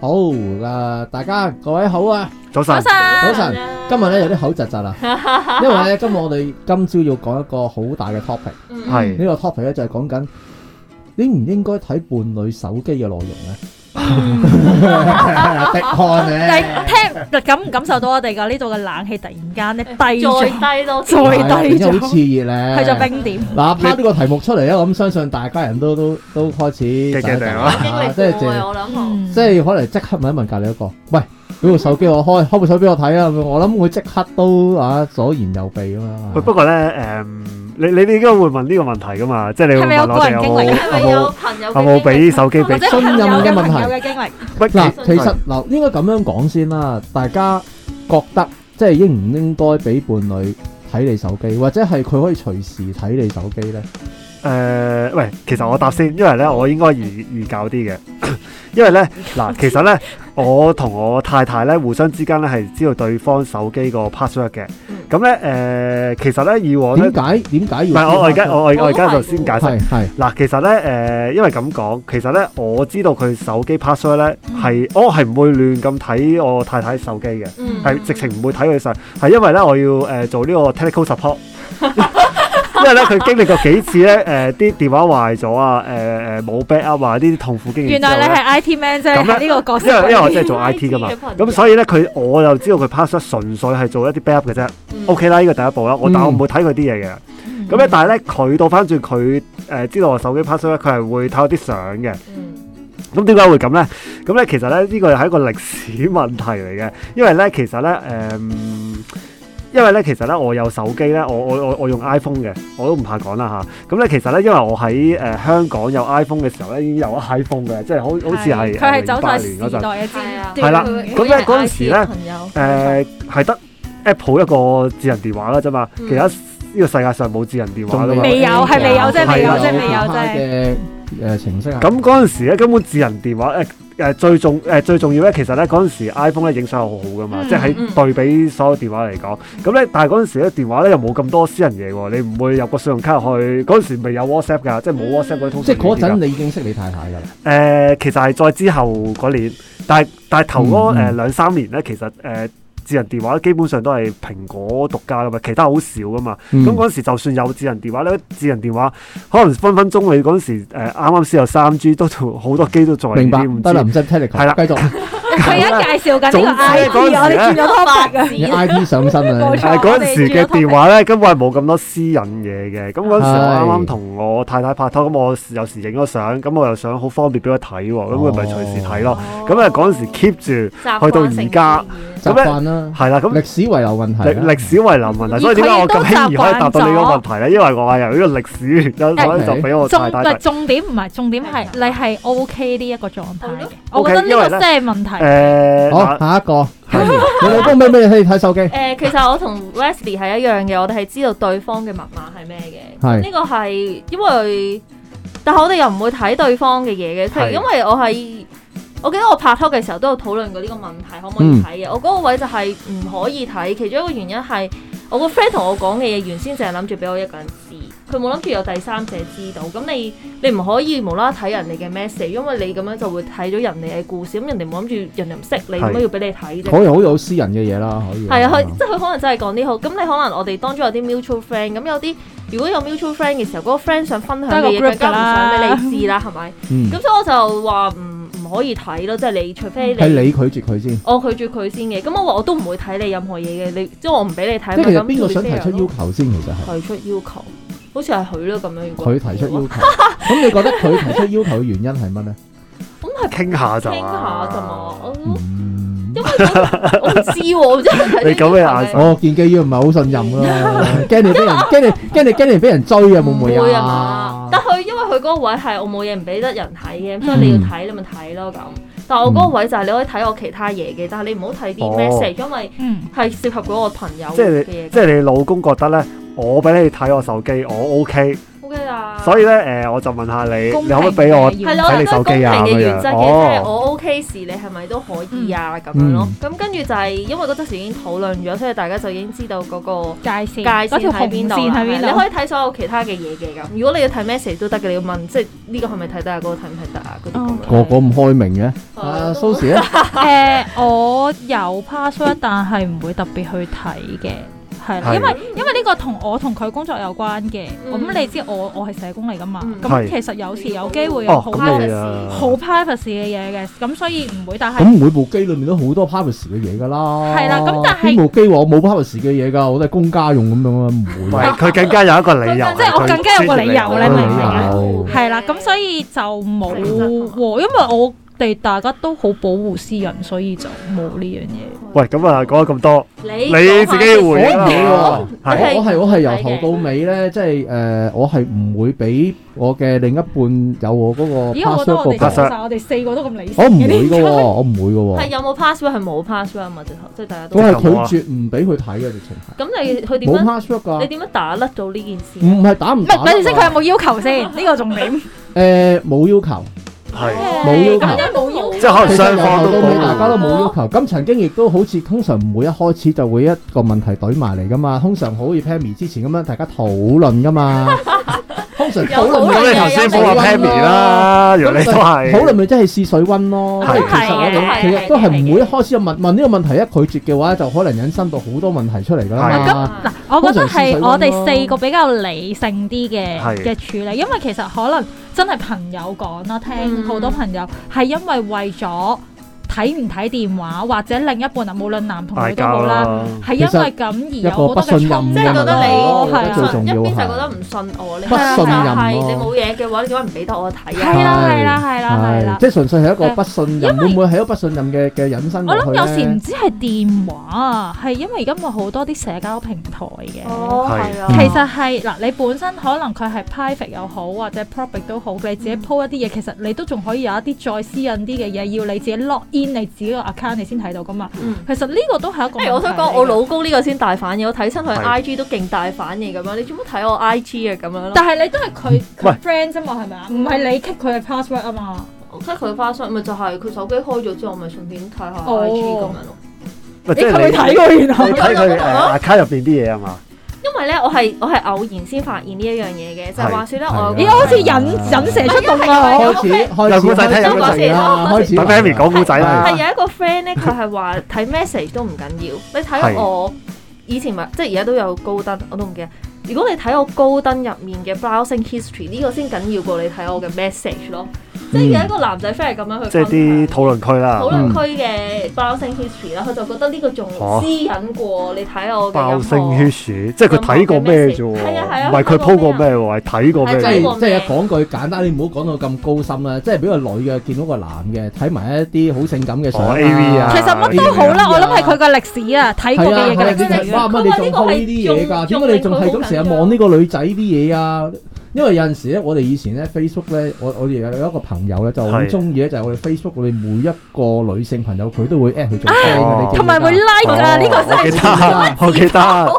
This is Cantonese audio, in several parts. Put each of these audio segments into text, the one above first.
好嗱，oh, uh, 大家各位好啊，早晨，早晨，早晨。 今日咧有啲口窒窒啊，因為咧今日我哋今朝要講一個好大嘅 topic，係 top 呢個 topic 咧就係講緊應唔應該睇伴侶手機嘅內容咧。嗯，滴汗咧，聽感唔感受到我哋噶呢度嘅冷氣突然間咧低咗，再低到再低咗，好似熱咧，去咗冰點嗱。拋呢個題目出嚟咧，我諗相信大家人都都都開始激激成啦，即係即係我諗，即係可能即刻問一問隔籬一個，喂，嗰部手機我開開部相俾我睇啊！我諗會即刻都啊左言右避啊嘛。不過咧，誒。你你你應該會問呢個問題噶嘛？即係你會問我哋有冇有冇俾手機俾信任嘅問題？嗱， 其實嗱，應該咁樣講先啦。大家覺得即係應唔應該俾伴侶睇你手機，或者係佢可以隨時睇你手機咧？誒、呃，喂，其實我先答先，因為咧，我應該預預教啲嘅， 因為咧呢嗱， 其實咧，我同我太太咧互相之間咧係知道對方手機個 password 嘅。咁咧，誒，其實咧，以往咧，點解點解要？但係我我而家我我我而家就先解釋，係嗱，其實咧，誒，因為咁講，其實咧，我知道佢手機 password 咧，係，我係唔會亂咁睇我太太手機嘅，係直情唔會睇佢上，係因為咧我要誒做呢個 technical support。因為咧佢經歷過幾次咧，誒、呃、啲電話壞咗啊，誒誒冇 backup 啊，呢啲痛苦經驗。原來你係 IT man 啫呢，呢個角色因為因為我真係做 IT 噶嘛，咁所以咧佢，我就知道佢 password 純粹係做一啲 backup 嘅啫。嗯、OK 啦，呢個第一步啦，我但我唔會睇佢啲嘢嘅。咁咧，但係咧，佢到翻轉佢誒知道我手機 pass、嗯、word 佢係會睇啲相嘅。咁點解會咁咧？咁咧其實咧呢個係一個歷史問題嚟嘅，因為咧其實咧誒。嗯因為咧，其實咧，我有手機咧，我我我我用 iPhone 嘅，我都唔怕講啦吓，咁咧，其實咧，因為我喺誒香港有 iPhone 嘅時候咧，已經有咗 iPhone 嘅，即係好好似係佢係走在時代嘅尖端。係啦，咁咧嗰陣時咧，誒係得 Apple 一個智能電話啦啫嘛。其他呢個世界上冇智能電話嘅嘛，未有係未有即係未有即係未有即嘅誒程式。咁嗰陣時咧，根本智能電話誒。誒、呃、最重誒、呃、最重要咧，其實咧嗰陣時 iPhone 咧影相係好好噶嘛。嗯、即係喺對比所有電話嚟講，咁咧、嗯、但係嗰陣時咧電話咧又冇咁多私人嘢喎、啊，你唔會入個信用卡去，嗰陣時，未有 WhatsApp 㗎，即係冇 WhatsApp 嗰啲通訊、啊。即係嗰陣你已經識你太太㗎啦。誒、呃，其實係再之後嗰年，但係但係頭嗰誒兩三年咧，其實誒。呃嗯嗯智能電話基本上都係蘋果獨家噶嘛，其他好少噶嘛。咁嗰陣時就算有智能電話咧，智能電話可能分分鐘你嗰陣時誒啱啱先有三 G，都好多機都在。明白。得啦，唔使聽你講。係啦，繼續。佢而家介紹緊呢個 I P，我哋轉咗 topic 嘅。I P 上身啊！但係嗰時嘅電話咧，根本係冇咁多私隱嘢嘅。咁嗰陣時我啱啱同我太太拍拖，咁我有時影咗相，咁我又想好方便俾佢睇喎，咁佢咪隨時睇咯。咁啊嗰陣時 keep 住，去到而家。習慣啦，係啦，歷史遺留問題，歷歷史遺留問題。所以點解我咁輕易可以答到你個問題咧？因為我係由於歷史有咁就俾我太大。唔係重點，唔係重點係你係 O K 呢一個狀態，我覺得呢個即係問題。誒，好，下一個，你都咩咩可以睇手機？誒，其實我同 Wesley 係一樣嘅，我哋係知道對方嘅密碼係咩嘅。係。呢個係因為，但係我哋又唔會睇對方嘅嘢嘅，係因為我係。我記得我拍拖嘅時候都有討論過呢個問題，可唔可以睇嘅？嗯、我嗰個位就係唔可以睇。其中一個原因係我個 friend 同我講嘅嘢，原先淨係諗住俾我一個人知，佢冇諗住有第三者知道。咁你你唔可以無啦睇人哋嘅 message，因為你咁樣就會睇咗人哋嘅故事。咁人哋冇諗住人哋唔識你，點解是要俾你睇啫？可以好有私人嘅嘢啦，可以。係啊，即係佢可能真係講啲好。咁你可能我哋當中有啲 mutual friend，咁有啲如果有 mutual friend 嘅時候，嗰、嗰個 friend 想分享嘅嘢更加唔想俾你知啦，係咪？咁所以我就話唔。嗯可以睇咯，即係你，除非你係你拒絕佢先，我拒絕佢先嘅。咁我話我都唔會睇你任何嘢嘅，你即係我唔俾你睇。即係邊個想提出要求先？其實提出要求，好似係佢咯咁樣。佢提出要求，咁你覺得佢提出要求嘅原因係乜咧？咁係傾下就傾下啫嘛。因為我唔知喎，你咁嘅我見機要唔係好信任啦。驚你俾人，驚你驚你驚你俾人追啊！會唔會啊？佢嗰個位係我冇嘢唔俾得人睇嘅，所以你要睇你咪睇咯咁。嗯、但係我嗰個位就係你可以睇我其他嘢嘅，但係你唔好睇啲 message，因為係涉及嗰個朋友嘅嘢。即係你，你老公覺得呢，我俾你睇我手機，我 OK。所以咧，誒，我就問下你，你可唔可以俾我睇你手機啊？嘅原則哦，我 OK 時，你係咪都可以啊？咁樣咯。咁跟住就係因為嗰陣時已經討論咗，所以大家就已經知道嗰個界線、界線喺邊度啦。你可以睇所有其他嘅嘢嘅咁。如果你要睇 Message 都得嘅，你要問，即係呢個係咪睇得啊？嗰個睇唔睇得啊？嗰啲咁樣。個個唔開明嘅，阿蘇時咧。誒，我有 pass 啦，但係唔會特別去睇嘅。係，因為因為呢個同我同佢工作有關嘅。咁你知我我係社工嚟噶嘛？咁其實有時有機會好 p 好 p r i v a c y 嘅嘢嘅，咁所以唔會。但係咁每部機裡面都好多 p r i v a c y 嘅嘢㗎啦。係啦，咁但係呢部機我冇 p r i v a c y 嘅嘢㗎，我都係公家用咁樣啊，唔會。佢更加有一個理由，即係我更加有個理由，你明唔明啊？係啦，咁所以就冇喎，因為我。哋大家都好保護私人，所以就冇呢樣嘢。喂，咁啊，講咗咁多，你自己要回一下。係，我係我係由頭到尾咧，即係誒，我係唔會俾我嘅另一半有我嗰個 password。password 我哋四個都咁理性，我唔會㗎喎，我唔會㗎喎。係有冇 password 係冇 password 啊嘛？直頭即係大家都係拒絕唔俾佢睇嘅直情係。咁你佢點？冇 password 㗎。你點樣打甩咗呢件事？唔係打唔唔係。解釋佢有冇要求先？呢個重點。誒，冇要求。係冇要求，即係可能雙方都冇，大家都冇要求。咁、啊、曾經亦都好似通常唔會一開始就會一個問題懟埋嚟㗎嘛，通常好似 Pammy 之前咁樣大家討論㗎嘛。 通常討論咁，論你頭先討論 Pammy 啦，原來你都係討論咪真係試水溫咯，都係嘅，的其實其實都係唔會一開始問問呢個問題，一拒絕嘅話，就可能引申到好多問題出嚟噶啦。咁嗱的，的我覺得係我哋四個比較理性啲嘅嘅處理，因為其實可能真係朋友講啦，聽好的多朋友係因為為咗。睇唔睇電話，或者另一半嗱，無論男同女都好啦，係因為咁而有好多嘅衝，即係覺得你係啊，一邊就覺得唔信我，你係啊，係你冇嘢嘅話，你點解唔俾得我睇？係啦，係啦，係啦，係啦，即係純粹係一個不信任，會唔會係一個不信任嘅嘅引申？我諗有時唔止係電話啊，係因為而家咪好多啲社交平台嘅。哦，係啊，其實係嗱，你本身可能佢係 private 又好或者 public 都好，佢你自己鋪一啲嘢，其實你都仲可以有一啲再私隱啲嘅嘢，要你自己 log in。你自己個 account 你先睇到噶嘛？嗯、其實呢個都係一個，係、欸、我想講我老公呢個先大反應，我睇親佢 IG 都勁大反應咁樣，你做乜睇我 IG 啊咁樣咯？但係你都係佢 friend 咋嘛？係咪啊？唔係你 keep 佢嘅 password 啊嘛？get 佢 password 咪就係佢手機開咗之後，咪順便睇下 IG 咁樣咯。哦嗯、你去睇佢然後睇佢 account 入邊啲嘢啊嘛？因為咧，我係我係偶然先發現呢一樣嘢嘅，就係話說咧，我，你又好似引引蛇出洞啦，開始，又古仔聽佢哋啊，開始 friend 咪講古仔啦，係有一個 friend 咧，佢係話睇 message 都唔緊要，你睇我以前咪，即係而家都有高登，我都唔記得，如果你睇我高登入面嘅 browsing history，呢個先緊要過你睇我嘅 message 咯。即係有一個男仔 friend 係咁樣去，即係啲討論區啦，討論區嘅爆性 h i s 啦，佢就覺得呢個仲私隱過。你睇我爆性 h i s 即係佢睇過咩啫？唔係佢 po 過咩喎？睇過咩？即係即係講句簡單，你唔好講到咁高深啦。即係俾個女嘅見到個男嘅，睇埋一啲好性感嘅相。其實乜都好啦，我諗係佢嘅歷史啊，睇過嘅嘢。咁啊，你仲 po 呢啲嘢㗎？點解你仲係咁成日望呢個女仔啲嘢啊？因為有陣時咧，我哋以前咧 Facebook 咧，我我哋有一個朋友咧，就好中意咧，就係我哋 Facebook，我哋每一個女性朋友佢都會 at 佢做 friend 嘅，同埋會 like 㗎呢個西。記得，記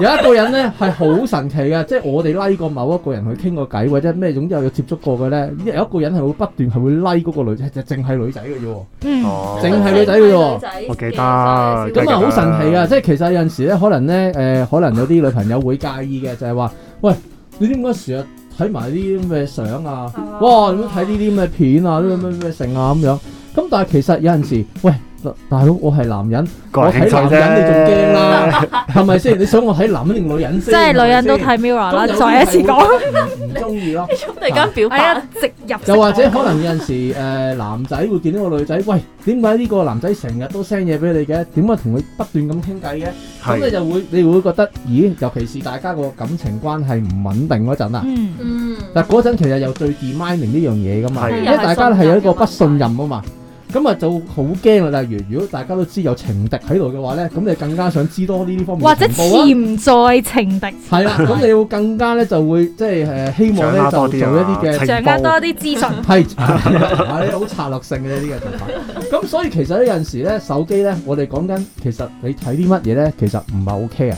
得有一個人咧係好神奇嘅，即係我哋 like 過某一個人去傾過偈，或者咩，總之有接觸過嘅咧，有一個人係會不斷係會 like 嗰個女，就淨係女仔嘅啫。嗯，淨係女仔嘅啫。記得咁啊，好神奇啊！即係其實有陣時咧，可能咧誒，可能有啲女朋友會介意嘅，就係話，喂，你點解時啊？睇埋啲咩相啊，哇！咁睇呢啲咩片啊，咩咩咩剩啊咁樣啊。咁但係其實有陣時，喂。大佬，我係男人，我睇男人你仲驚啦，係咪先？你想我睇男人定女人先？即係女人都睇 mirror 啦，再一次講唔中意咯。突然間表白，一直入。又或者可能有陣時誒男仔會見到個女仔，喂，點解呢個男仔成日都 send 嘢俾你嘅？點解同佢不斷咁傾偈嘅？咁你就會你會覺得，咦？尤其是大家個感情關係唔穩定嗰陣啊，嗯嗯。但係嗰陣其實又最 demanding 呢樣嘢㗎嘛，因為大家係有一個不信任啊嘛。咁啊就好驚啦！例如，如果大家都知有情敵喺度嘅話咧，咁你更加想知多呢啲方面情報或者潛在情敵係啦，咁 你會更加咧就會即係誒希望咧就做一啲嘅更加多啲資訊，係啊， 好策略性嘅呢啲嘅做法。咁 所以其實呢陣時咧手機咧，我哋講緊其實你睇啲乜嘢咧，其實唔係 OK 嘅，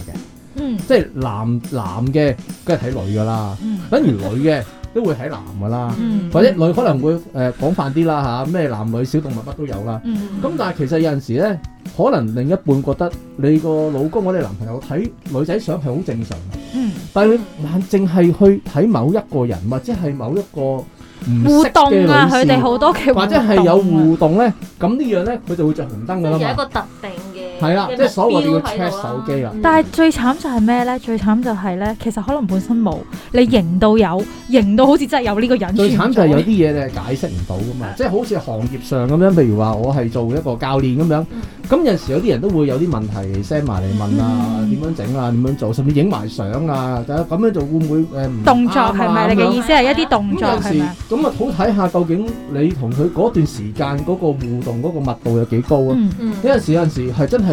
嗯，即係男男嘅梗係睇女噶啦，反而、嗯、女嘅。都會喺男嘅啦，或者女可能會誒廣泛啲啦嚇，咩男女小動物乜都有啦。咁但係其實有陣時咧，可能另一半覺得你個老公或者男朋友睇女仔相係好正常嘅，但係你淨係去睇某一個人或者係某一個互動啊，佢哋好多嘅互動，或者係有互動咧，咁呢樣咧佢就會著紅燈㗎啦嘛。係啦，即係所謂你要 check 手機啊。但係最慘就係咩咧？最慘就係咧，其實可能本身冇，你認到有，認到好似真係有呢個人。最慘就係有啲嘢你係解釋唔到㗎嘛，即係好似行業上咁樣，譬如話我係做一個教練咁樣，咁有陣時有啲人都會有啲問題 send 埋嚟問啊，點樣整啊，點樣做，甚至影埋相啊，咁樣做會唔會誒？動作係咪？你嘅意思係一啲動作係咪？咁有時咁啊，好睇下究竟你同佢嗰段時間嗰個互動嗰個密度有幾高啊？呢陣時有陣時係真係。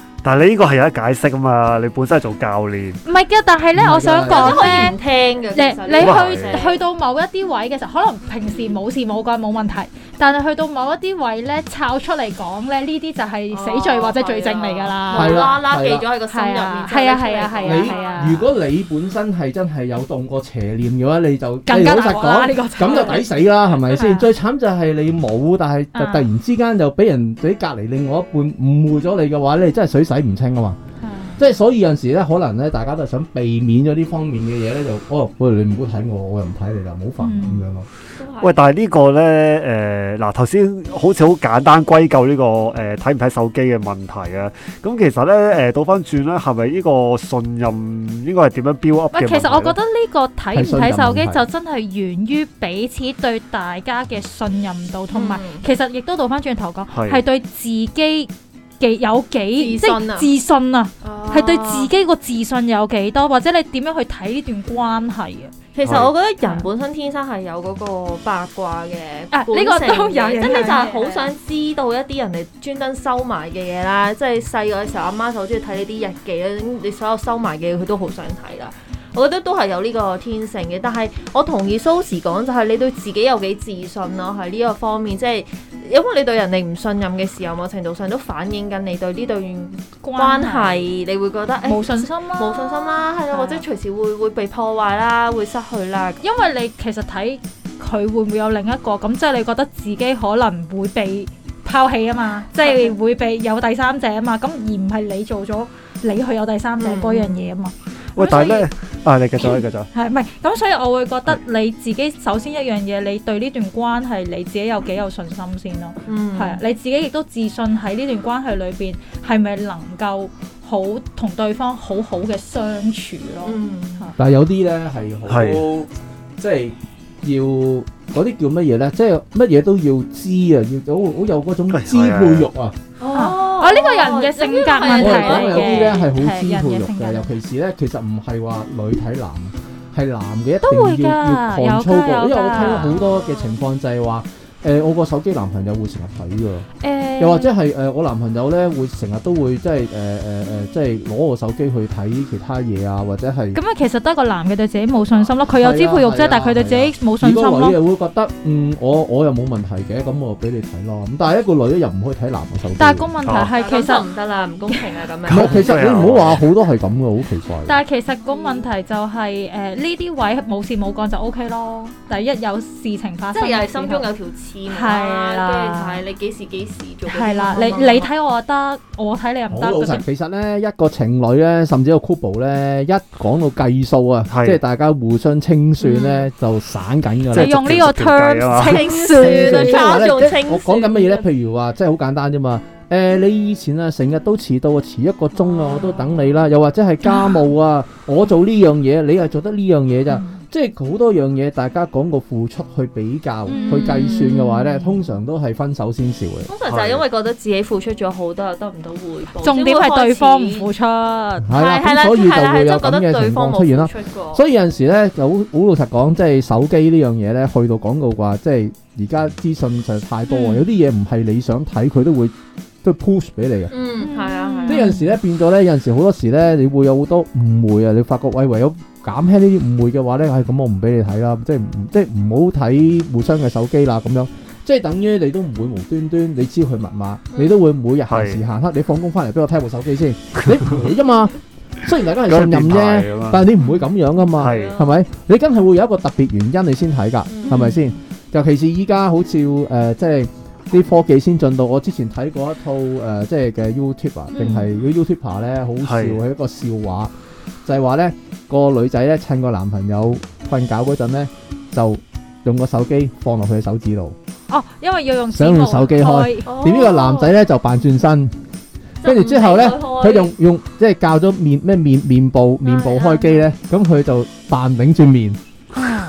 但係你呢個係有得解釋啊嘛！你本身係做教練，唔係嘅。但係咧，我想講咧，聽嘅。你去去到某一啲位嘅時候，可能平時冇事冇鬼冇問題，但係去到某一啲位咧，摷出嚟講咧，呢啲就係死罪或者罪證嚟㗎啦。係啦，係啊，係啊，係啊，係啊。你如果你本身係真係有動過邪念嘅話，你就更加實講，咁就抵死啦，係咪先？最慘就係你冇，但係就突然之間就俾人俾隔離另外一半誤會咗你嘅話，你真係水。睇唔清啊嘛，即係的所以有陣時咧，可能咧，大家都係想避免咗呢方面嘅嘢咧，就哦，喂，你唔好睇我，我又唔睇你啦，唔好煩咁樣咯。嗯、喂，但係呢個咧，誒、呃，嗱，頭先好似好簡單歸咎呢、這個誒睇唔睇手機嘅問題啊。咁其實咧，誒、呃，倒翻轉咧，係咪呢個信任應該係點樣 build up？喂，其實我覺得呢個睇唔睇手機就真係源於彼此對大家嘅信任度，同埋、嗯、其實亦都倒翻轉頭講係對自己。有幾自信啊？係、啊啊、對自己個自信有幾多？或者你點樣去睇呢段關係啊？其實我覺得人本身天生係有嗰個八卦嘅呢、啊啊這個都有，真係就係好想知道一啲人哋專登收埋嘅嘢啦。的即係細個嘅時候，阿媽就好中意睇呢啲日記啊。你所有收埋嘅嘢，佢都好想睇啦。我覺得都係有呢個天性嘅。但係我同意 Sushi 講，就係你對自己有幾自信咯、啊？喺呢、嗯、個方面，即係。因為你對人哋唔信任嘅時候，某程度上都反映緊你對呢對關係，嗯、關係你會覺得欸、冇信心啦，冇信心啦，係啊，或者的隨時會會被破壞啦，會失去啦。因為你其實睇佢會唔會有另一個咁，即係你覺得自己可能會被拋棄啊嘛，即係的會被有第三者啊嘛，咁而唔係你做咗你去有第三者嗰樣嘢啊嘛。喂，但係咧，以啊，你繼續，你繼續。係唔係？咁所以我會覺得你自己首先一樣嘢，你對呢段關係你自己有幾有信心先咯？嗯，係啊，你自己亦都自信喺呢段關係裏邊係咪能夠好同對方好好嘅相處咯？嗯，是但係有啲咧係好即係要嗰啲叫乜嘢咧？即係乜嘢都要知啊！要好好有嗰種支配慾啊！哦。哦。我呢個人嘅性格我有問題嘅，尤其是呢，其實唔係話女睇男，係男嘅都要抗有噶，因為我聽好多嘅情況就係話。誒我個手機男朋友會成日睇㗎，又或者係誒我男朋友咧會成日都會即係誒誒誒即係攞我手機去睇其他嘢啊，或者係咁啊，其實得一個男嘅對自己冇信心咯，佢有支配欲啫，但係佢對自己冇信心咯。如果女嘅會覺得嗯，我我又冇問題嘅，咁我俾你睇啦，咁但係一個女咧又唔可以睇男嘅手機。但係個問題係其實唔得啦，唔公平呀咁樣。唔係其實你唔好話好多係咁嘅，好奇怪。但係其實個問題就係誒呢啲位冇事冇幹就 OK 咯。第一有事情發生，即係又係心中有條刺。係啦，跟住就係你幾時幾時做？係啦，你你睇我得，我睇你又唔得。其實咧，一個情侶咧，甚至個 couple 咧，一講到計數啊，即係大家互相清算咧，就省緊㗎喇。你用呢個 terms 清算啊？我講緊乜嘢咧？譬如話，即係好簡單啫嘛。誒，你以前啊，成日都遲到啊，遲一個鐘啊，我都等你啦。又或者係家務啊，我做呢樣嘢，你又做得呢樣嘢咋？即係好多樣嘢，大家講個付出去比較、嗯、去計算嘅話咧，通常都係分手先少嘅。通常就係因為覺得自己付出咗好多又得唔到回報，對重點係對方唔付出。係啊，所以就會有咁嘅情況出現啦。就是、出過所以有陣時咧就好好老實講，即係手機呢樣嘢咧，去到廣告話，即係而家資訊實在太多啊，有啲嘢唔係你想睇，佢都會都 push 俾你嘅。嗯，係啊。啲有陣時咧變咗咧，有陣時好多時咧，你會有好多誤會啊！你發覺喂唯有。減輕呢啲誤會嘅話咧，係咁我唔俾你睇啦，即係唔即係唔好睇互相嘅手機啦，咁樣即係等於你都唔會無端端你知佢密碼，你都會每日閒時閒刻，你放工翻嚟俾我睇部手機先，你唔會嘛。雖然大家係信任啫，但係你唔會咁樣噶嘛，係咪？你梗係會有一個特別原因你先睇㗎，係咪先？尤其是依家好似誒即係啲科技先進到，我之前睇過一套誒即係嘅 YouTube 啊，定係個 YouTuber 咧好笑係一個笑話。就係話咧，個女仔咧趁個男朋友瞓覺嗰陣咧，就用個手機放落佢嘅手指度。哦，因為要用想用手機開，點呢個男仔咧就扮轉身，跟住、哦、之後咧，佢用用即係教咗面咩面面、面部面部開機咧，咁佢、啊、就扮擰轉面。嗯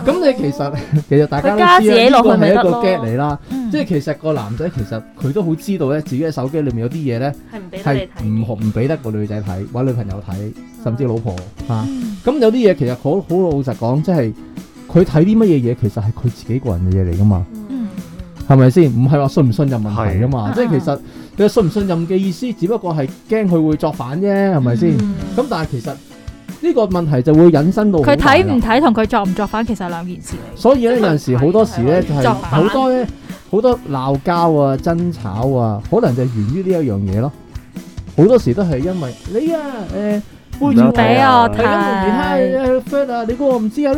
咁你其實其實大家都知落去係一個 get 嚟啦，即係其實個男仔其實佢都好知道咧，自己嘅手機裡面有啲嘢咧係唔俾得你睇，唔唔俾得個女仔睇，揾女朋友睇，甚至老婆吓。咁有啲嘢其實好好老實講，即係佢睇啲乜嘢嘢，其實係佢自己個人嘅嘢嚟噶嘛，係咪先？唔係話信唔信任問題噶嘛，即係其實佢信唔信任嘅意思，只不過係驚佢會作反啫，係咪先？咁但係其實，呢個問題就會引申到佢睇唔睇同佢作唔作反其實係兩件事。所以咧有陣時好多時咧就係好多咧好多鬧交啊爭吵啊，可能就係源於呢一樣嘢咯。好多時都係因為你啊誒背住你啊睇緊啊，你嗰個唔知啊。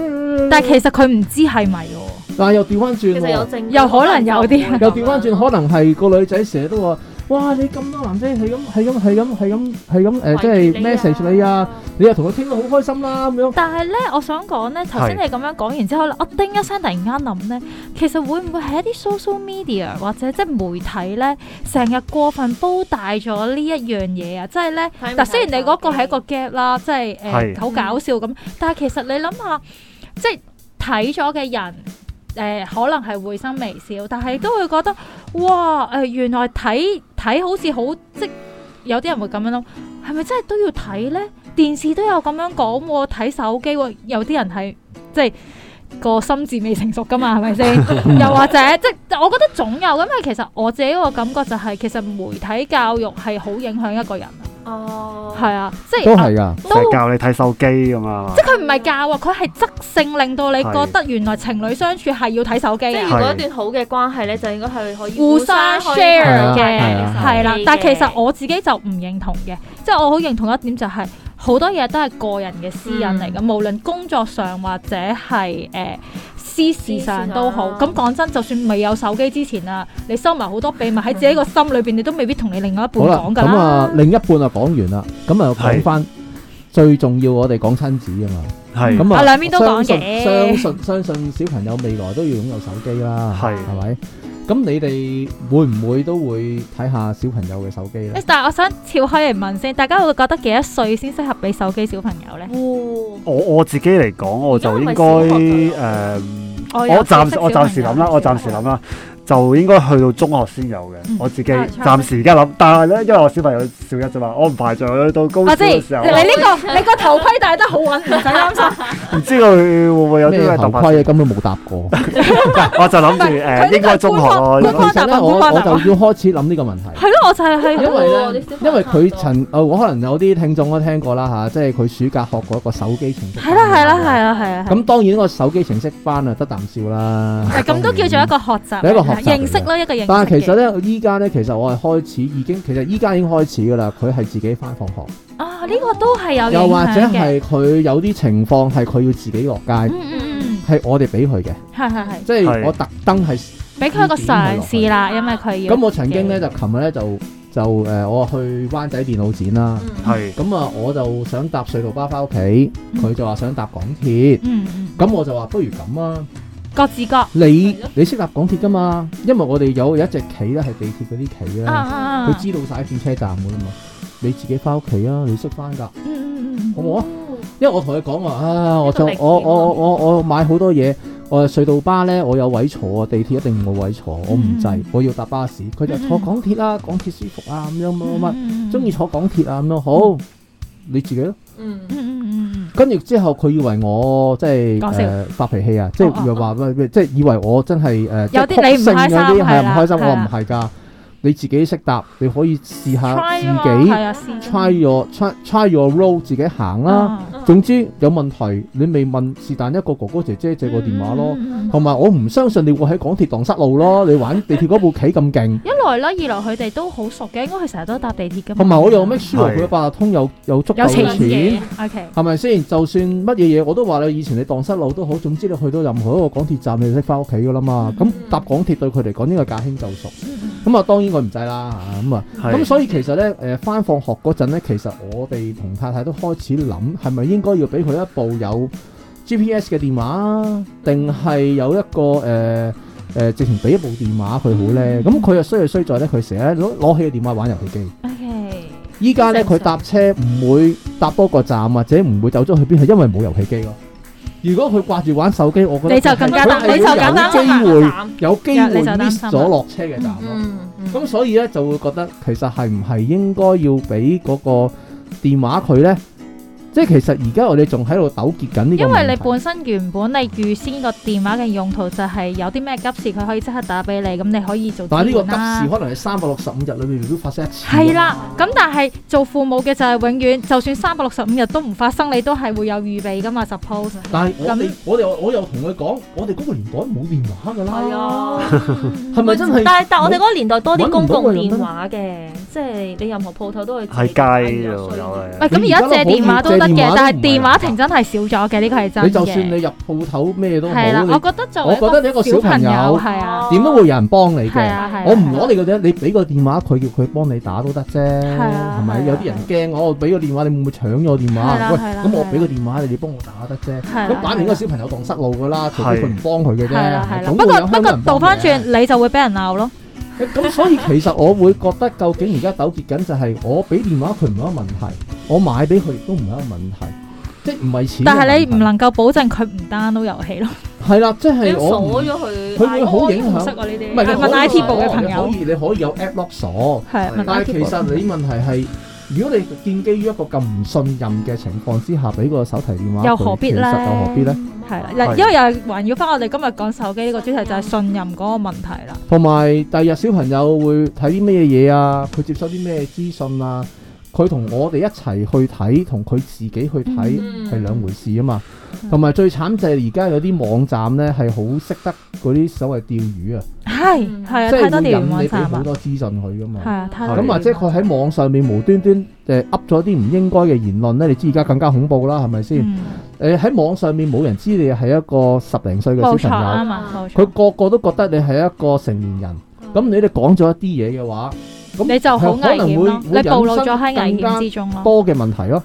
但係其實佢唔知係咪喎？但係又調翻轉，有又可能有啲，又調翻轉，可能係個女仔寫到。哇！你咁多男仔係咁係咁係咁係咁係咁誒，即係 message 你啊！你又同佢傾到好開心啦咁樣。但係咧，我想講咧，頭先你咁樣講完之後咧，我叮一聲，突然間諗咧，其實會唔會係一啲 social media 或者即係媒體咧，成日過分煲大咗呢一樣嘢啊？即係咧，嗱，雖然你嗰個係一個 gap 啦，即係誒好搞笑咁，但係其實你諗下，即係睇咗嘅人誒，可能係會心微笑，但係都會覺得哇誒，原來睇。睇好似好即有啲人會咁樣咯，係咪真係都要睇咧？電視都有咁樣講，睇手機，有啲人係即係個心智未成熟噶嘛，係咪先？ 又或者即我覺得總有咁。但係其實我自己個感覺就係、是，其實媒體教育係好影響一個人。哦，係、 嗯、啊，即係都係噶，都教你睇手機咁啊！嗯、即係佢唔係教，佢係質性令到你覺得原來情侶相處係要睇手機、啊。即係如果一段好嘅關係咧，就應該係可以互相 share 嘅，係啦、啊啊。但係其實我自己就唔認同嘅，即係我好認同一點就係、是、好多嘢都係個人嘅私隱嚟嘅，嗯、無論工作上或者係誒。呃私事上都好，咁講真，就算未有手機之前啊，你收埋好多秘密喺自己個心裏邊，你都未必同你另外一半講噶啦。好啦，咁啊另一半啊講完啦，咁啊講返最重要，我哋講親子啊嘛，係咁是啊兩邊、啊、都講嘅，相信相信小朋友未來都要擁有手機啦，係係咪？咁你哋會唔會都會睇下小朋友嘅手機咧？但係我想跳開嚟問先，大家會覺得幾多歲先適合俾手機小朋友咧？我我自己嚟講，我就應該誒，我暫我暫時諗啦，我暫時諗啦。就應該去到中學先有嘅，我自己暫時而家諗，但係咧，因為我小朋友小一啫嘛，我唔排除去到高中。我知。你呢個你個頭盔戴得好穩，唔使擔心。唔知佢會唔會有啲頭盔嘅根本冇搭過。我就諗住誒，應該中學，我我就要開始諗呢個問題。係咯，我就係係冇。因為佢曾我可能有啲聽眾都聽過啦嚇，即係佢暑假學過一個手機程式。係啦，係啦，係啊，係啊。咁當然個手機程式班啊，得啖笑啦。咁都叫做一個學習。一個學。啊、認識啦，一個認識。但係其實咧，依家咧，其實我係開始已經，其實依家已經開始噶啦。佢係自己翻放學。啊、哦，呢、這個都係有影響嘅。又或者係佢有啲情況係佢要自己落街。嗯係、嗯嗯、我哋俾佢嘅。係係係。即係我特登係俾佢一個嘗試啦，因為佢要。咁我曾經咧就琴日咧就就誒、呃，我去灣仔電腦展啦。係、嗯。咁啊、嗯，我就想搭隧道巴翻屋企，佢、嗯、就話想搭港鐵。咁、嗯嗯、我就話不如咁啊。各自各，你你識搭港鐵噶嘛？因為我哋有有一隻企咧係地鐵嗰啲企咧，佢知道晒轉車站噶啦嘛。你自己翻屋企啊，你識翻噶，嗯、好唔好啊？因為我同佢講話啊，我就我我我我，我買好多嘢，我隧道巴咧我有位坐，地鐵一定唔冇位坐，我唔制，嗯、我要搭巴士，佢就、嗯、坐港鐵啦、啊，港鐵舒服啊咁樣乜乜乜，中意、嗯、坐港鐵啊咁都好，嗯、你自己咯。嗯跟住之後，佢以為我即係誒發脾氣啊！即係又話咩咩，即係以為我真係誒有啲性唔開心係啦，唔開心我唔係㗎，你自己識答，你可以試下自己 try your try try your role 自己行啦。總之有問題，你未問是但一個哥哥姐姐借個電話咯，同埋我唔相信你會喺港鐵蕩失路咯，你玩地鐵嗰部企咁勁。一來啦，二來佢哋都好熟嘅，應該佢成日都搭地鐵噶嘛。同埋我又 make sure，佢八達通有有足夠錢嘅，OK，係咪先？就算乜嘢嘢，我都話你以前你蕩失路都好，總之你去到任何一個港鐵站，你識翻屋企噶啦嘛。咁搭港鐵對佢嚟講呢個駕輕就熟。咁啊，當然佢唔制啦嚇。咁、嗯、啊，咁是所以其實咧，誒返放學嗰陣咧，其實我哋同太太都開始諗，係咪應該要俾佢一部有 GPS 嘅電話？定係有一個誒誒、呃呃，直情俾一部電話佢好咧？咁佢又衰就衰在咧，佢成日攞攞起個電話玩遊戲機。依家咧，佢搭實車唔會搭多個站，或者唔會走咗去邊，係因為冇遊戲機咯。如果佢掛住玩手機，我覺得你就更加得，你就有機會有機會、啊、有機會 miss 咗落車嘅站咯。咁、嗯嗯嗯嗯、所以呢就會覺得其實係唔係應該要俾嗰個電話佢呢？即係其實而家我哋仲喺度糾結緊呢個問題。因為你本身原本你預先個電話嘅用途就係有啲咩急事佢可以即刻打俾你，咁你可以做、啊。但係呢個急事可能係三百六十五日裏面如果發生一次。係啦，咁了、啊、但係做父母嘅就係永遠，就算三百六十五日都唔發生，你都係會有預備噶嘛。suppose 但係我哋我又同佢講，我哋嗰個年代冇電話㗎啦。係啊，係咪真係？ 但係但係我哋嗰個年代多啲公共電話嘅，即係你任何鋪頭都係喺街度有。喂，咁而家借電話都嘅，但係電話亭真係少咗嘅，呢個係真嘅。你就算你入鋪頭咩都好，係啦。我覺得做一個小朋友，係啊，點都會有人幫你嘅。我唔攞你嘅啫，你俾個電話佢，叫佢幫你打都得啫。係咪有啲人驚我俾個電話，你會唔會搶咗電話？喂，咁我俾個電話你哋幫我打得啫。咁擺明個小朋友當失路噶啦，除非佢唔幫佢嘅啫。不過不過倒翻轉你就會俾人鬧咯。咁所以其實我會覺得，究竟而家糾結緊就係我俾電話佢冇乜問題。我買俾佢都唔係一個問題，即係唔係錢。但係你唔能夠保證佢唔 download 遊戲咯。係啦，即係我鎖咗佢，佢會好影響。唔係問 I T 部朋友。可以你可以有 App Lock 鎖，係問 I T 部。但係其實你問題係，如果你建基於一個咁唔信任嘅情況之下，俾個手提電話，又何必咧？又何必咧？係啦，嗱，因為又環繞翻我哋今日講手機呢個主題就係信任嗰個問題啦。同埋第二日小朋友會睇啲咩嘢嘢啊？佢接收啲咩資訊啊？佢同我哋一齊去睇，同佢自己去睇係、嗯、兩回事啊嘛。同埋、嗯、最慘就係而家有啲網站呢，係好識得嗰啲所謂釣魚啊，係係啊，即係引你俾好多資訊佢噶嘛。咁或者佢喺網上面無端端誒噏咗啲唔應該嘅言論呢，你知而家更加恐怖啦，係咪先？誒喺、嗯呃、網上面冇人知你係一個十零歲嘅小朋友，佢、啊、個個都覺得你係一個成年人，咁、嗯、你哋講咗一啲嘢嘅話。嗯、你就好危險，你暴露咗喺危險之中咯，多嘅問題咯，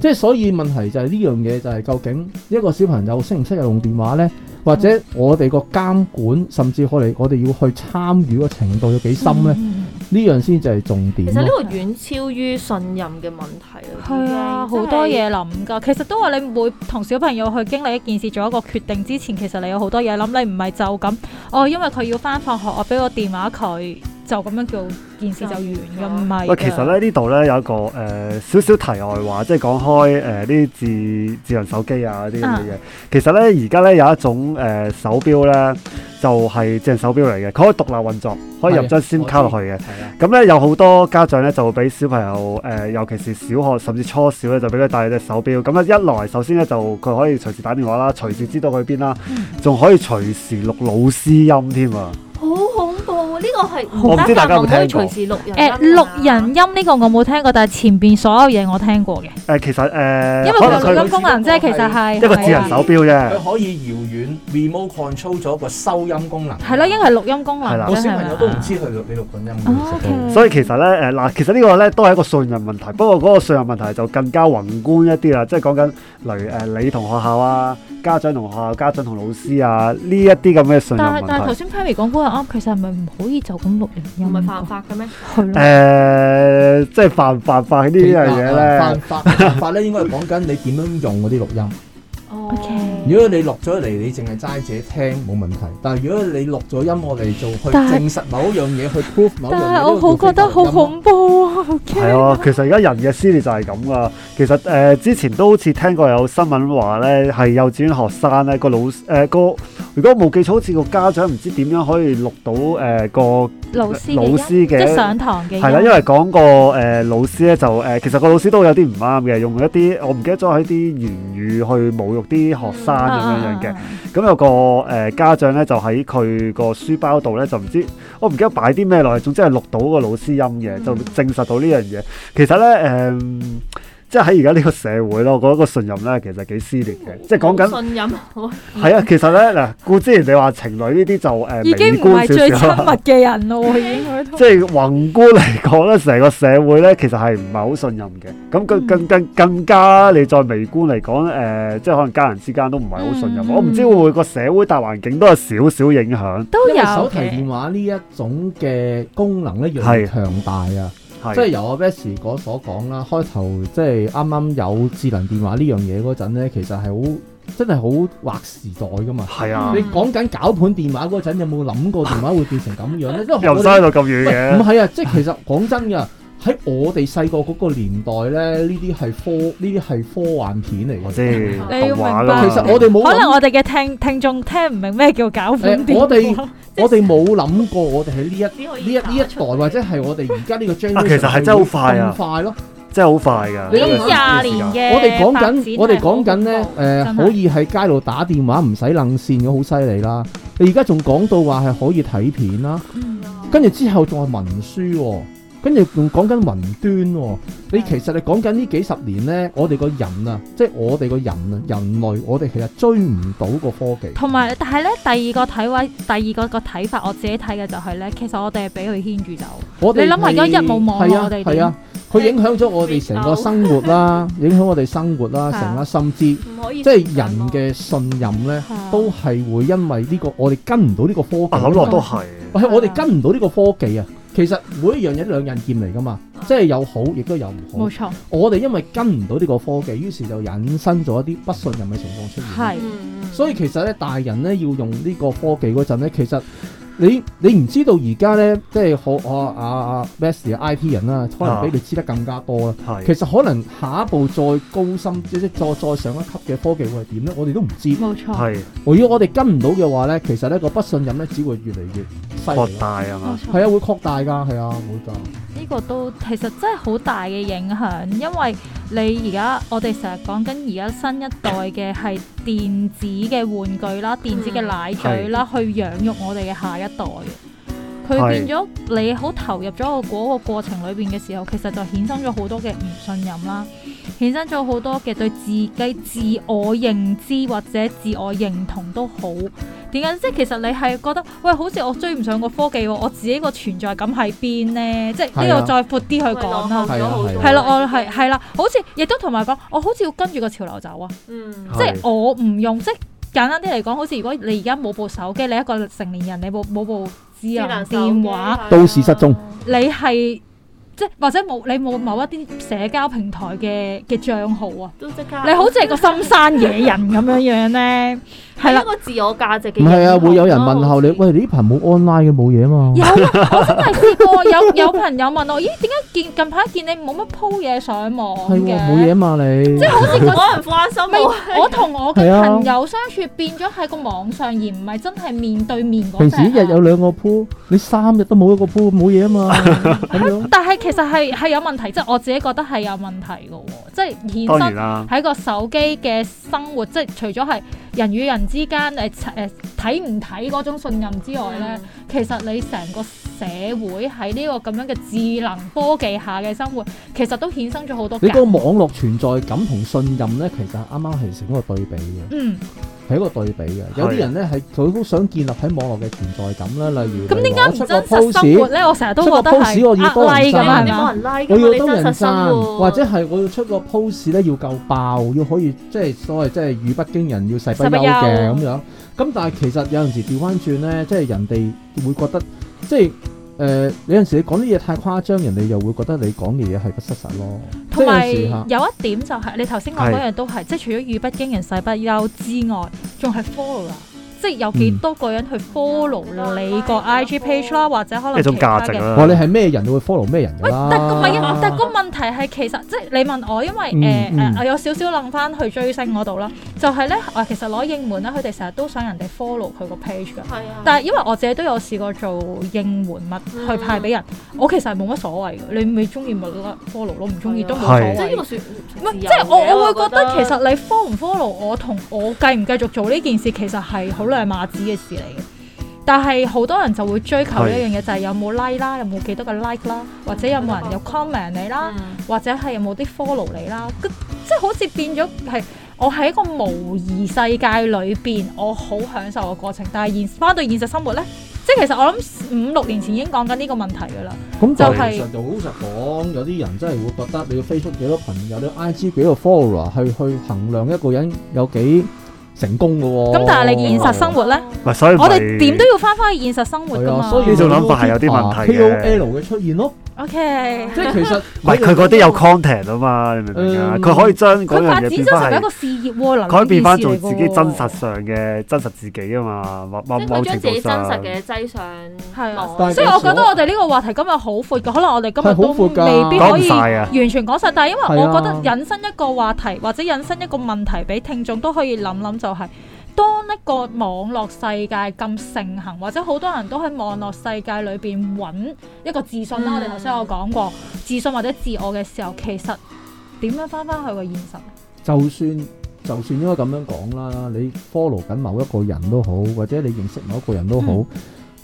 即係的所以問題就係呢樣嘢就係、是、究竟一個小朋友識唔識用電話呢？或者我哋個監管甚至可能我哋要去參與嘅程度有幾深呢？呢、嗯、樣先至係重點。其實呢個遠超於信任嘅問題啊，啊的，好的多嘢諗㗎。其實都話你每同小朋友去經歷一件事做一個決定之前，其實你有好多嘢諗，你唔係就咁哦，因為佢要翻放學，我俾個電話佢。就咁樣叫做件事就完嘅，咪對，喂，其實咧呢度咧有一個誒少少題外話，即係講開呢啲智智能手機啊啲咁嘅嘢。嗯、其實咧而家咧有一種誒、呃、手錶咧，就係智能手錶嚟嘅，佢可以獨立運作，可以入張 sim 卡落去嘅。咁咧有好多家長咧就俾小朋友誒、呃，尤其是小學甚至初小咧就俾佢戴隻手錶。咁咧一來首先咧就佢可以隨時打電話啦，隨時知道佢去邊啦，仲可以隨時錄老師音添啊！嗯我唔知大家有冇聽過誒，錄人音呢個我冇聽過，但係前邊所有嘢我聽過嘅。誒其實誒，因為佢有錄音功能，即係其實係一個智能手錶啫，佢可以遙遠 remote control 咗一個收音功能。係咯，應係錄音功能。係啦，個小朋友都唔知佢錄你錄緊音，所以其實咧誒，嗱，其實呢個咧都係一個信任問題。不過嗰個信任問題就更加宏觀一啲啦，即係講緊例如誒你同學校啊、家長同學校、家長同老師啊呢一啲咁嘅信任。但係但係頭先 Pammy 講嗰個案，其實係咪唔可以做？咁錄又唔係犯法嘅咩？誒、嗯，嗯、即係犯唔犯法呢樣嘢咧？犯法、啊，法咧應該係講緊你點樣用嗰啲錄音。O K，如果你錄咗嚟，你淨係齋自己聽冇問題。但係如果你錄咗音，我哋就去證實某樣嘢，去 prove 某樣嘢，但係我好覺得好恐怖啊！係啊，其實而家人嘅心理就係咁噶。其實誒之前都好似聽過有新聞話咧，係幼稚園學生咧個老師誒個，如果冇記錯，好似個家長唔知點樣可以錄到誒個老師老師嘅上堂嘅，係啦，因為講個誒老師咧就誒，其實個老師都有啲唔啱嘅，用一啲我唔記得咗喺啲言語去侮辱。啲學生咁樣樣嘅，咁有個誒、呃、家長咧，就喺佢個書包度咧，就唔知我唔記得擺啲咩落去，總之係錄到個老師音嘅，就證實到呢樣嘢。其實咧，誒、呃。即係而家呢個社會咯，我覺得個信任咧，其實幾撕裂嘅，即係講緊信任。係啊，其實咧，嗱，固之然你話情侶呢啲就誒微觀少少啦，已經唔係最親密嘅人咯，已經嗰套。即係宏觀嚟講咧，成個社會咧其實係唔係好信任嘅。咁更更更更加，你再微觀嚟講誒，即係可能家人之間都唔係好信任。我唔知會唔會個社會大環境都有少少影響，都有嘅。手提電話呢一種嘅功能咧越嚟越強大啊。即係由阿 Bessie 嗰所講啦，開頭即係啱啱有智能電話呢樣嘢嗰陣咧，其實係好真係好劃時代噶嘛。係啊，你講緊搞盤電話嗰陣，有冇諗過電話會變成咁樣咧？ 因為由山到咁遠嘅，唔係啊，即係其實講真噶，喺我哋細個嗰個年代咧，呢啲係科呢啲係科幻片嚟嘅啫。你要明白，其實我哋冇可能，我哋嘅聽聽眾聽唔明咩叫搞盤電我哋冇諗過我，我哋喺呢一呢一呢一代，或者係我哋而家呢個 j u、啊、其實係真係好快啊，快咯，真係好快㗎！你二十年嘅，發展 我哋講緊，我哋講緊咧，誒、呃、可以喺街度打電話唔使楞線嘅好犀利啦！你而家仲講到話係可以睇片啦，跟住之後仲係文書。跟住仲講緊雲端喎，你其實你講緊呢幾十年咧，我哋個人啊，即係我哋個人啊，人類，我哋其實追唔到個科技。同埋，但係咧，第二個睇位，第二個個睇法，我自己睇嘅就係咧，其實我哋係俾佢牽住走。我哋冇。你諗下，如果一冇網絡，我哋係啊，佢影響咗我哋成個生活啦，影響我哋生活啦，成啦心知，即係人嘅信任咧，都係會因為呢個我哋跟唔到呢個科技。啊，諗落都係。喂，我哋跟唔到呢個科技啊！其實每一樣嘢兩刃劍嚟㗎嘛，啊、即係有好，亦都有唔好。冇錯，我哋因為跟唔到呢個科技，於是就引申咗一啲不信任嘅情況出現。係、嗯，所以其實咧，大人咧要用呢個科技嗰陣咧，其實。你你唔知道而家咧，即係好，我阿阿 Best 嘅 I T 人啦，可能比你知得更加多啦。係、啊，其實可能下一步再高深，即係再再上一級嘅科技會係點咧？我哋都唔知。冇錯。係。如果我哋跟唔到嘅話咧，其實呢個不信任咧，只會越嚟越擴大啊嘛。冇錯。係啊，會擴大㗎，係啊，會㗎。呢個都其實真係好大嘅影響，因為你而家我哋成日講緊而家新一代嘅係電子嘅玩具啦，電子嘅奶嘴啦，去養育我哋嘅孩。嗯沒錯一代嘅，佢變咗你好投入咗個嗰個過程裏邊嘅時候，其實就衍生咗好多嘅唔信任啦，衍生咗好多嘅對自己自我認知或者自我認同都好。點解？即係其實你係覺得喂，好似我追唔上個科技，我自己個存在感喺邊呢？即係呢個再闊啲去講啦。係咯、啊，我係係啦，好似亦都同埋講，我好似要跟住個潮流走啊、嗯。即係我唔用即。簡單啲嚟講，好似如果你而家冇部手機，你一個成年人，你冇冇部智能電話，都市失蹤，你係？即係或者冇你冇某一啲社交平台嘅嘅帳號啊，你好似係個深山野人咁樣樣咧，係啦，一個自我價值嘅唔係啊，會有人問候你，喂，你呢排冇 online 嘅冇嘢嘛？有啊，我真係試過有有朋友問我，咦，點解見近排見你冇乜 po 嘢上網嘅？冇嘢嘛你？即係好似個人花心喎。我同我嘅朋友相處變咗喺個網上而唔係真係面對面嗰。平時一日有兩個 po，你三日都冇一個 po 冇嘢啊嘛，咁樣。但係。其實係係有問題，即係我自己覺得係有問題㗎喎，即係現實喺個手機嘅生活，即係除咗係人與人之間誒誒睇唔睇嗰種信任之外咧，其實你成個社會喺呢個咁樣嘅智能科技下嘅生活，其實都衍生咗好多。你個網絡存在感同信任咧，其實啱啱係成個對比嘅。嗯。係一個對比嘅，的有啲人咧係佢都想建立喺網絡嘅存在感啦。例如,例如，咁點解出個 post 咧？我成日都覺得 post 係壓賴㗎，係咪冇人 like 我要真人生我要多人讚或者係我要出個 pose 咧，要夠爆，要可以即係所謂即係語不驚人，要死不休嘅咁六樣。咁但係其實有陣時調翻轉咧，即係人哋會覺得即係。誒有陣時你講啲嘢太誇張，人哋又會覺得你講嘅嘢係不失實咯。同埋有一點就係你頭先講嗰樣都係，即係除咗語不驚人死不休之外，仲係 follow 啊！即係有幾多個人去 follow、嗯、你個 IG page 啦，或者可能其他一種價值啦。話你係咩人，你會 follow 咩人。喂，但個問題，啊，但個問題係其實即係你問我，因為誒誒，呃嗯嗯呃、有少少諗翻去追星嗰度啦，就係、是、咧，啊其實攞應援咧，佢哋成日都想人哋 follow 佢個 page 㗎、啊。但係因為我自己都有試過做應援物、嗯、去派俾人，我其實係冇乜所謂嘅。你咪中意乜 follow 咯，唔中意都冇所謂。即係我我會覺得，覺得其實你 follow 唔 follow 我同我繼唔繼續做呢件事其實係好。都係馬子嘅事嚟嘅，但係好多人就會追求一樣嘢，是就係有冇 like 啦，有冇幾多個 like 啦，或者有冇人有 comment 你啦，嗯、或者係有冇啲 follow 你啦，即係好似變咗係我喺一個模擬世界裏邊，我好享受個過程。但係現翻到現實生活咧，即係其實我諗五六年前已經講緊呢個問題噶啦。咁、嗯、就係、其實、好實講，有啲人真係會覺得你要 Facebook 幾多朋友，你 IG 幾多 follower，係去衡量一個人有幾？成功嘅喎，哦，咁但係你現實生活咧，唔係。所以我哋點都要翻返去現實生活噶嘛，所以呢個諗法係有啲問題，啊，K O L 嘅出現咯。O K，即係其實唔係佢嗰啲有 content 啊嘛，你明唔明、嗯、啊？佢、啊、可以將佢發展做成一個事業，改變翻做自己真實上嘅 真實自己啊嘛，或將自己真實嘅擠上係啊，所、所以我覺得我哋呢個話題今日好闊，可能我哋今日都未必可以完全講晒。但係因為我覺得引申一個話題或者引申一個問題俾聽眾都可以諗諗、就係，就係。當一個網絡世界咁盛行，或者好多人都喺網絡世界裏邊揾一個自信啦。嗯、我哋頭先有講過、嗯、自信或者自我嘅時候，其實點樣翻翻去個現實？就算就算應該咁樣講啦，你 follow 緊某一個人都好，或者你認識某一個人都好，誒、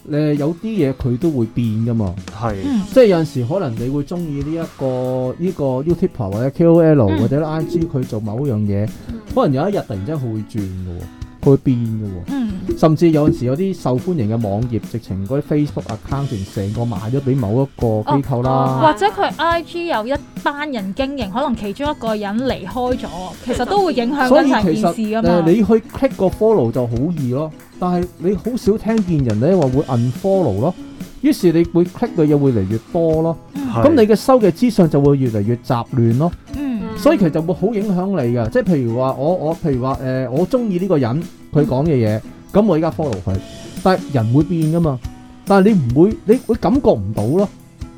嗯，有啲嘢佢都會變噶嘛。係是，即係、嗯、有陣時可能你會中意呢一個呢、這個 YouTuber 或者 KOL 或者 IG 佢做某樣嘢，嗯嗯、可能有一日突然之間佢會轉噶。佢會變㗎喎，嗯、甚至有陣時有啲受歡迎嘅網頁，直情嗰啲 Facebook account 成成個賣咗俾某一個機構啦，oh, oh, oh. 或者佢 IG 有一班人經營，可能其中一個人離開咗，其實都會影響成件事㗎嘛。所以其實你去 click 個 follow 就好易咯，但係你好少聽見人咧話會 unfollow 咯，嗯、於是你 click 會 click 嘅嘢會嚟越多咯，咁是你嘅收嘅資訊就會越嚟越雜亂咯。嗯所以其實就會好影響你噶，即係譬如話我我譬如話誒我中意呢個人佢講嘅嘢，咁我依家 follow 佢。但係人會變噶嘛，但係你唔會，你會感覺唔到咯。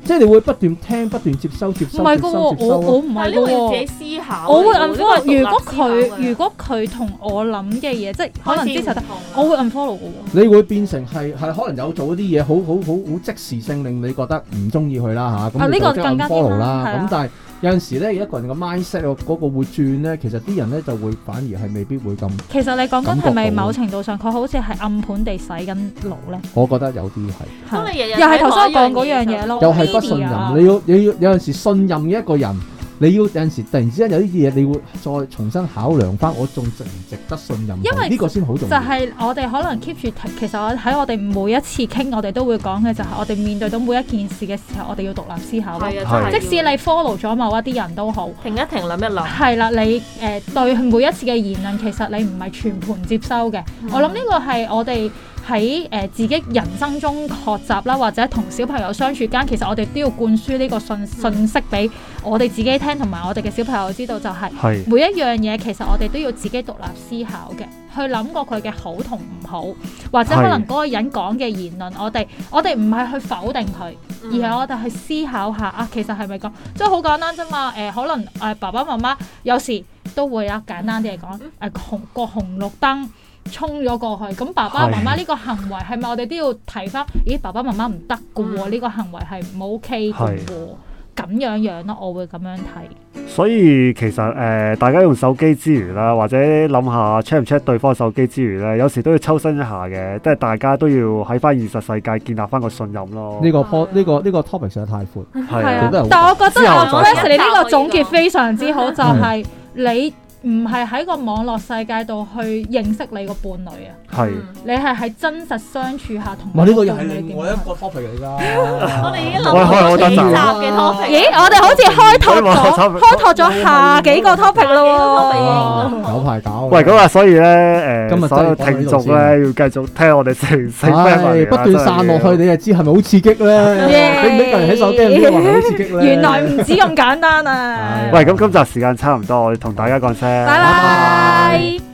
即係你會不斷聽，不斷接收接收接收接收。唔係噶喎，我我唔係呢個自己思考。我會 unfollow。如果佢如果佢同我諗嘅嘢，即係可能接受得，我會 unfollow 噶喎。你會變成係係可能有做一啲嘢，好好好好即時性，令你覺得唔中意佢啦吓。咁你就將 unfollow 啦。咁但係。有陣時咧，一個人嘅 mindset 嗰個會轉咧，其實啲人咧就會反而係未必會咁。其實你講緊係咪某程度上佢好似係暗盤地洗緊腦咧？我覺得有啲係。當你日日又係頭先我講嗰樣嘢咯，又係不信任。你要你要有陣時信任一個人，你要有陣時突然之間有啲嘢，你會再重新考量返，我仲值唔值得信任？因為呢個先好重要。就係我哋可能 keep 住，其實喺我哋每一次傾，我哋都會講嘅就係，我哋面對到每一件事嘅時候，我哋要獨立思考。對、對，即使你 follow 咗某一啲人都好，停一停，諗一諗。係啦，你誒、呃、對每一次嘅言論，其實你唔係全盤接收嘅。嗯、我諗呢個係我哋。喺誒自己人生中學習啦，或者同小朋友相處間，其實我哋都要灌輸呢個信信息俾我哋自己聽，同埋我哋嘅小朋友知道、就是，就係是每一樣嘢，其實我哋都要自己獨立思考嘅，去諗過佢嘅好同唔好，或者可能嗰個人講嘅言論，是我哋我哋唔係去否定佢，而係我哋去思考下啊，其實係咪講？即係好簡單啫嘛。誒、呃，可能誒、呃、爸爸媽媽有時都會啊，簡單啲嚟講誒紅個紅綠燈。衝咗過去，咁爸爸媽媽呢個行為係咪我哋都要睇翻？咦，爸爸媽媽唔得噶，呢個行為係唔 ok 咁樣樣咯，我會咁樣睇。所以其實誒，大家用手機之餘啦，或者諗下 check 唔 check 對方手機之餘咧，有時都要抽身一下嘅，即係大家都要喺翻現實世界建立翻個信任咯。呢個呢個呢個 topic 實在太闊，係啊，但我覺得我呢時你呢個總結非常之好，就係你。唔係喺個網絡世界度去認識你個伴侶啊！係，你係喺真實相處下同埋呢個又係另一個 topic 嚟㗎。我哋已經錄咗幾集嘅 topic。咦？我哋好似開拓咗開拓咗下幾個 topic 咯。有排搞！喂，咁啊，所以咧今日所有聽眾咧要繼續聽我哋成，不斷散落去，你就知係咪好刺激咧？你最近喺手機唔見話好刺激咧？原來唔止咁簡單啊！喂，咁今集時間差唔多，我同大家講聲。拜拜。